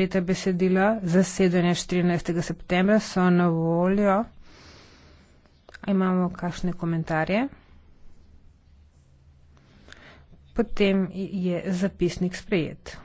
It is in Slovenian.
Leta besedila za sedanje 14. septembra so na voljo. Imamo kakšne komentarje. Potem je zapisnik sprejet.